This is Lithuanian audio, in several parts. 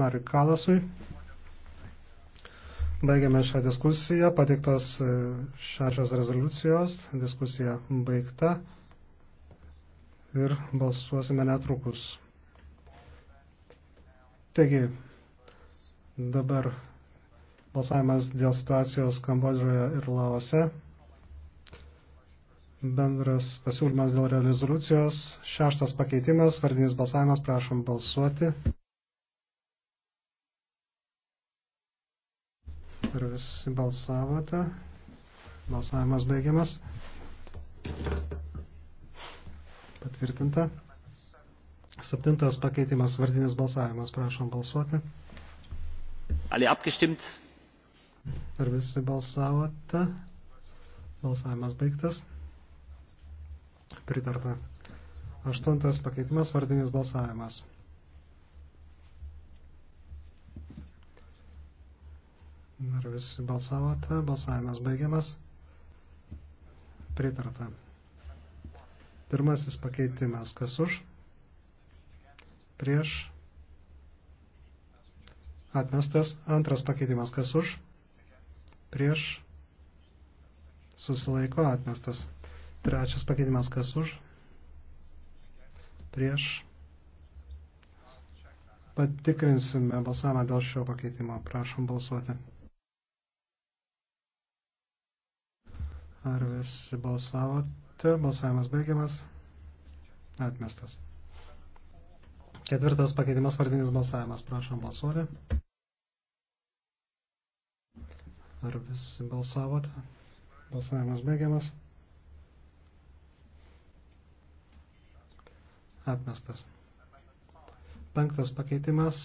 nariui Kalasui. Baigiame šią diskusiją, patiktos e, šešios rezoliucijos, diskusija baigta ir balsuosime netrukus. Taigi, dabar balsavimas dėl situacijos Kambodžoje ir Laose. Bendras pasiūlymas dėl rezoliucijos, šeštas pakeitimas, vardinis balsavimas, prašom balsuoti. Ar visi balsavote? Balsavimas baigiamas. Patvirtinta. Septintas pakeitimas vardinis balsavimas. Prašom balsuoti. Alle abgestimmt. Ar visi balsavote? Balsavimas baigtas. Pritarta. Aštuntas pakeitimas vardinis balsavimas. Ar visi balsavote? Balsavimas baigiamas. Pritarta. Pirmasis pakeitimas. Kas už? Prieš. Atmestas. Antras pakeitimas. Kas už? Prieš. Susilaiko. Atmestas. Trečias pakeitimas. Kas už? Prieš. Patikrinsime balsavimą dėl šio pakeitimo. Prašom balsuoti. Ar visi balsavote? Balsavimas baigiamas. Atmestas. Ketvirtas pakeitimas vardinis balsavimas. Prašom balsuoti. Ar visi balsavote? Balsavimas baigiamas. Atmestas. Penktas pakeitimas,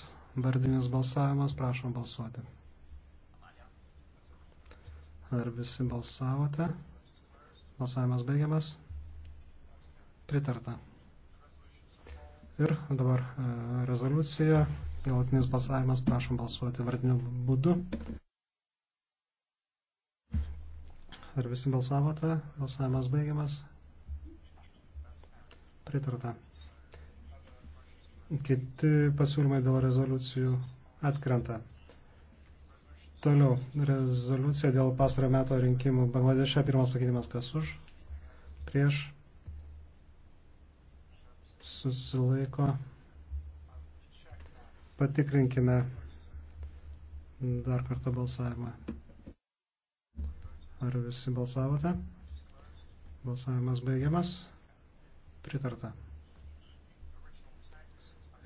vardinis balsavimas, prašom balsuoti. Ar visi balsavote? Balsavimas baigiamas. Pritarta. Ir dabar e, rezoliucija. Galutinis balsavimas. Prašom balsuoti vardiniu būdu. Ar visi balsavote? Balsavimas baigiamas. Pritarta. Kiti pasiūlymai dėl rezoliucijų atkrenta. Toliau, rezoliucija dėl pastarojo meto rinkimų Bangladeše. Pirmas pakeitimas kas už, prieš, susilaiko. Patikrinkime dar kartą balsavimą. Ar visi balsavote? Balsavimas baigiamas. Pritarta.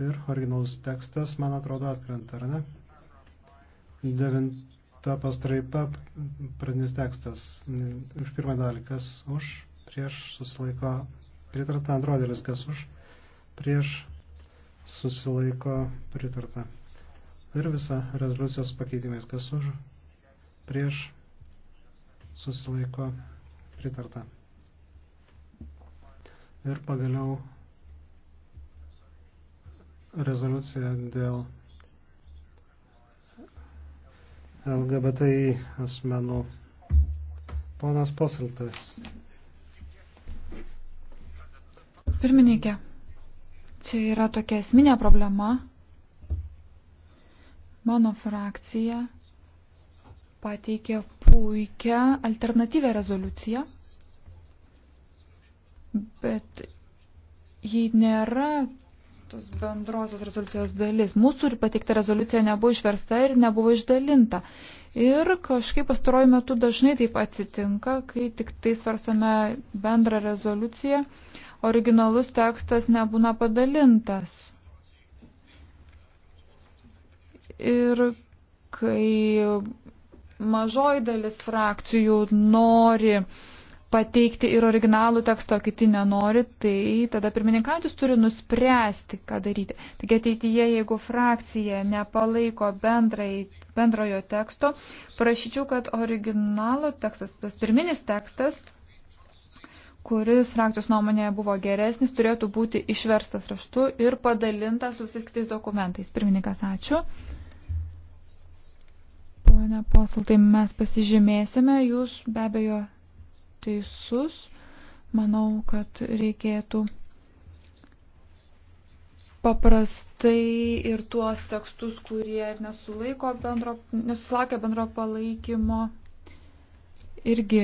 Ir originalus tekstas, man atrodo, atkrenta, ar ne? Devinta pastraipa, pradinis tekstas. Už pirmą dalį, kas už, prieš susilaiko pritarta, antroji dalis, kas už, prieš susilaiko pritarta. Ir visa rezoliucijos pakeitimais, kas už, prieš susilaiko pritarta. Ir pagaliau rezoliucija dėl LGBTI asmenų. Ponas Posiltas. Pirmininkė, čia yra tokia esminė problema. Mano frakcija pateikė puikią alternatyvę rezoliuciją, bet ji nėra aspektus bendrosios rezoliucijos dalis. Mūsų ir pateikta rezoliucija nebuvo išversta ir nebuvo išdalinta. Ir kažkaip pastaruoju metu dažnai taip atsitinka, kai tik tai svarstame bendrą rezoliuciją, originalus tekstas nebūna padalintas. Ir kai mažoji dalis frakcijų nori pateikti ir originalų tekstą, o kiti nenori, tai tada pirmininkantis turi nuspręsti, ką daryti. Taigi ateityje, jeigu frakcija nepalaiko bendrai, bendrojo teksto, prašyčiau, kad originalo tekstas, tas pirminis tekstas, kuris frakcijos nuomonėje buvo geresnis, turėtų būti išverstas raštu ir padalintas su visais kitais dokumentais. Pirmininkas, ačiū. Pone Posaltai, mes pasižymėsime, jūs be abejo teisus. Manau, kad reikėtų paprastai ir tuos tekstus, kurie nesulaiko bendro, nesusilaukia bendro palaikymo, irgi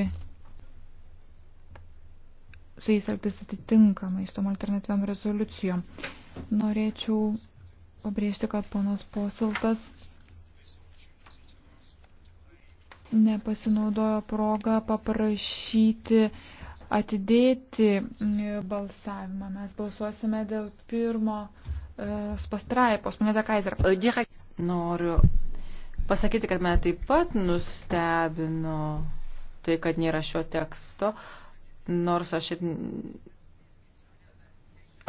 su jais elgtis atitinkamai, su tom alternatyviam rezoliucijom. Norėčiau pabrėžti, kad ponas Posiltas nepasinaudojo progą paprašyti atidėti mm, balsavimą. Mes balsuosime dėl pirmo e, pastraipos. Mane da Kaiser. E, Noriu pasakyti, kad mane taip pat nustebino tai, kad nėra šio teksto, nors aš ir...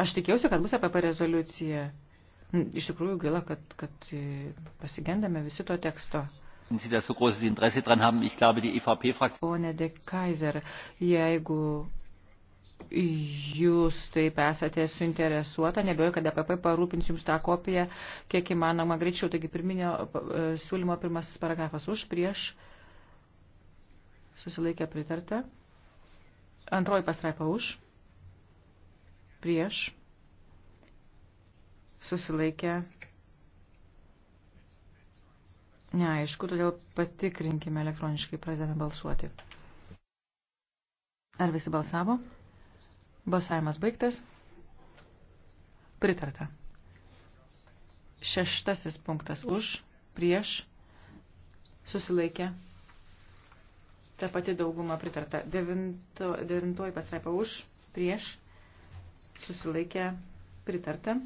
Aš tikėjausi, kad bus apie rezoliuciją. Iš tikrųjų gaila, kad, kad e, pasigendame visi to teksto. Sie da so großes Interesse dran haben. Ich glaube, die EVP-Fraktion. Pone de Kaiser, jeigu jūs taip esate suinteresuota, nebejoju, kad APP e parūpins jums tą kopiją, kiek įmanoma greičiau. Taigi pirminio e, siūlymo pirmasis paragrafas už, prieš, susilaikė pritarta. Antroji pastraipa už, prieš, susilaikė pritarta neaišku, todėl patikrinkime elektroniškai, pradedame balsuoti. Ar visi balsavo? Balsavimas baigtas. Pritarta. Šeštasis punktas už, prieš, susilaikė. Ta pati dauguma pritarta. Devinto, devintoji pastraipa už, prieš, susilaikė, pritarta.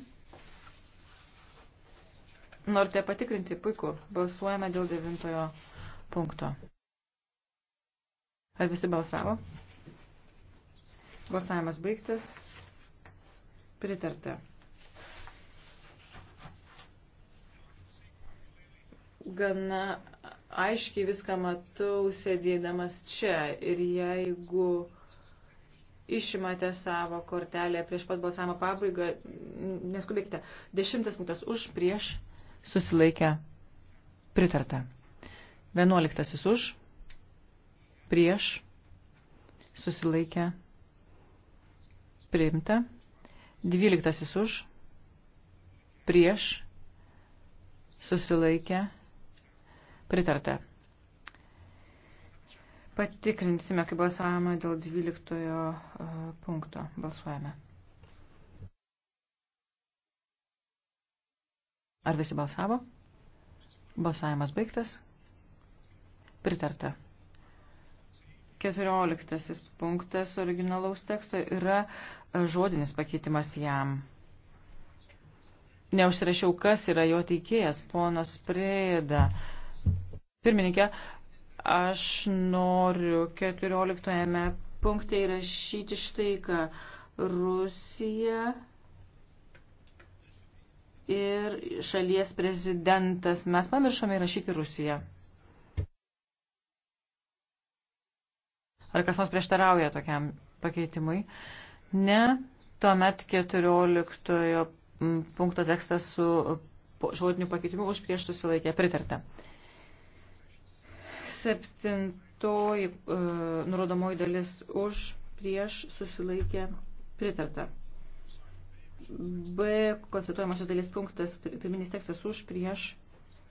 Norite patikrinti? Puiku. Balsuojame dėl devintojo punkto. Ar visi balsavo? Balsavimas baigtas. Pritarta. Gana aiškiai viską matau sėdėdamas čia ir jeigu išimate savo kortelę prieš pat balsavimo pabaigą, neskubėkite, dešimtas punktas už, prieš, susilaikė pritarta. Vienuoliktasis už, prieš, susilaikė priimta. Dvyliktasis už, prieš, susilaikė pritarta. Patikrinsime, kaip balsavome dėl dvyliktojo e, punkto. Balsuojame. Ar visi balsavo? Balsavimas baigtas. Pritarta. Keturioliktasis punktas originalaus teksto yra e, žodinis pakeitimas jam. Neužsirašiau, kas yra jo teikėjas, ponas Prėda. Pirmininkė, aš noriu keturioliktojame punkte įrašyti štai ką. Rusija ir šalies prezidentas. Mes pamiršome įrašyti Rusiją. Ar kas nors prieštarauja tokiam pakeitimui? Ne. Tuomet 14 punkto tekstas su žodiniu pakeitimu už prieš susilaikę pritarta. Septintoji e, nurodomoji dalis už prieš susilaikę pritarta. B konstatuojamosios dalies punktas, pirminis tekstas už, prieš,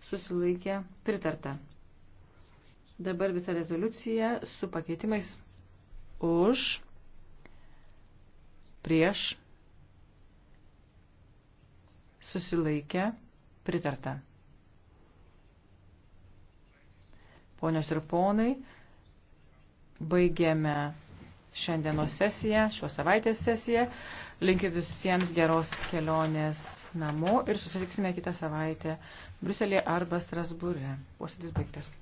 susilaikė, pritarta. Dabar visa rezoliucija su pakeitimais už, prieš, susilaikė, pritarta. Ponios ir ponai, baigiame šiandienos sesiją, šios savaitės sesiją. Linkiu visiems geros kelionės namo ir susitiksime kitą savaitę Bruselėje arba Strasbūre. Posėdis baigtas.